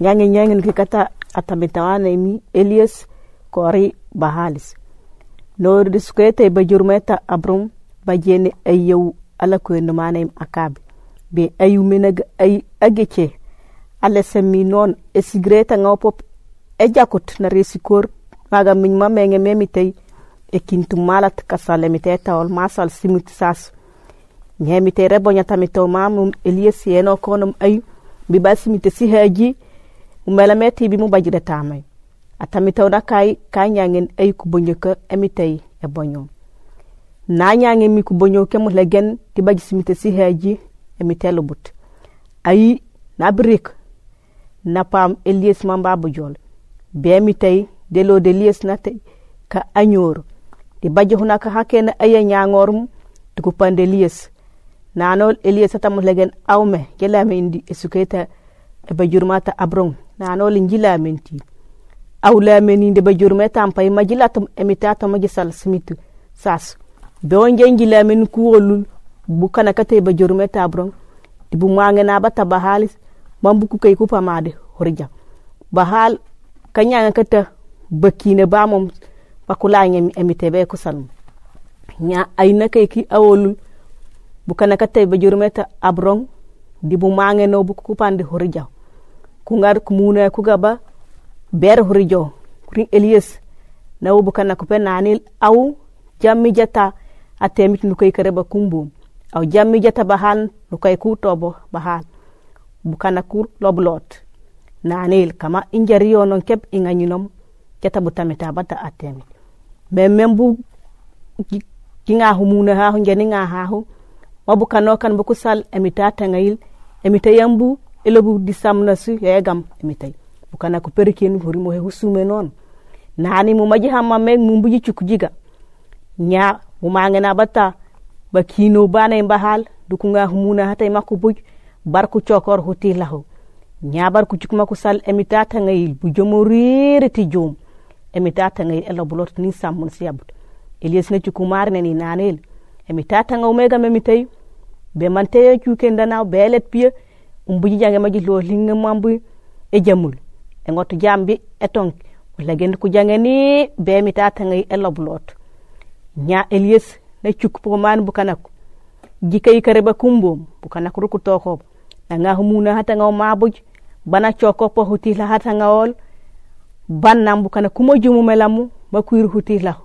ñange ñangen ke kata atamitawana mi elias kori bahalis noordis kwete bajurmeta abrum bajene ayyau ala kwenumanaim akabi be ayu minag ay agece ala semmi noon e sigreta ŋaw na resikor maga miñ ma meŋe memitei e kintum malat kasalemite tawol masal simut sas ñemite reboñatamito mamum elias yeno konum ayu biba si haji umelemeti tibi mu bajire tamai atami tawda kai kai ay ku bonyoka emitei e bonyo na nyangen mi ku ke mu legen ti baji simite si heji emitelo but ayi na brik na pam elies mamba bu jol be emitei delo de lies na te ka anyoro ti baji huna ka hakena aya nyangorum ti lies nanol elies atamu legen awme jelame indi esuketa bajurmata abrong nano linji lamenti aw lameninde bajurmeta ampai majilatom emitato majisal simitu sas beonjenji lamen kuwolul bukana kate bajurmeta abrong dibu mwangena bata bahalis mambuku kai kupamade horja bahal kanyanga kata bakine bamom bakulanya emitebe e kusalmu nya aina kai ki awolul bukana kate bajurmeta abrong dibu mwangeno buku kupande horja kungar kumuna kugaba ber hurijo kurin elias na wubu kana kupe nanil au jammi jata atemit nukai ba kumbu au jammi jata bahan nukai ku tobo bahan bukana ku loblot nanil kama injariyo non kep inganyinom jata butamita bata atemit memem bu kinga humuna ha hunjani nga ha hu wabukano kan bukusal emita tangail emita yambu elebu disamna su yegam imitai bukana ku perkenu hori mo hehu sume non nani mu maji hamma me mumbuji chukujiga nya mu mangena bata bakino bana bahal dukunga humuna hata imaku buj barku chokor huti lahu nya barku chukuma ku sal emitata ngayil bujomo rere ti jom emitata ngayil elo bulot ni samun siyabut elias ne chukumar ne ni nanel emitata ngawmega memitai be manteye chukendana belet pia umbuji jange ma lo linga e mambu e jamul e ngotu jambi e tonki walla jange ni be beemi ngai e lobloto nya elies na cukku poko mani bukanakko jikayi kareba kumbom bukanakko rukuto nanga humuna hatangawo mabuj bana choko po ban nam bu kanak kuma melamu ba kuiru hutihlahu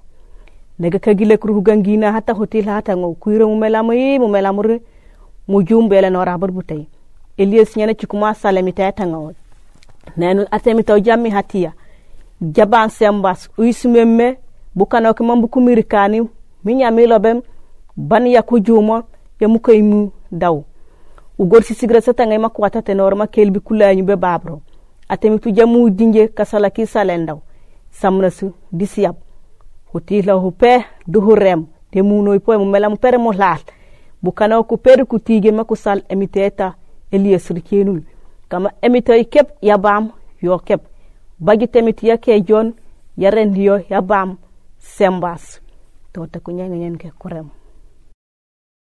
daga kagile kuru gangina hata hutihla hatangaw kuiru e melamu yi mumelamu ri mujum bele no rabar butai elias nyana cikuma salamita tangawo nanu atemita jammi hatia. jaban sembas buka na buku mirikani minya milo bem bani ya kujuma ya muka imu daw ugor sisigra satangay makko kuwata tenorma kelbi kula kulañuɓe babro atemitu jamu dinje kasalaki salen daw samnasu disiyab hutila hupe duhurem temunoy poe mu mela mu pere mu laal bukanoku peri ku tige maku sal emiteta eliyasirkenul kama emitoy ya yabaam yo kep bagi temit yake jon yarendiyo yabaam sembas to takuñangeñen ke kurem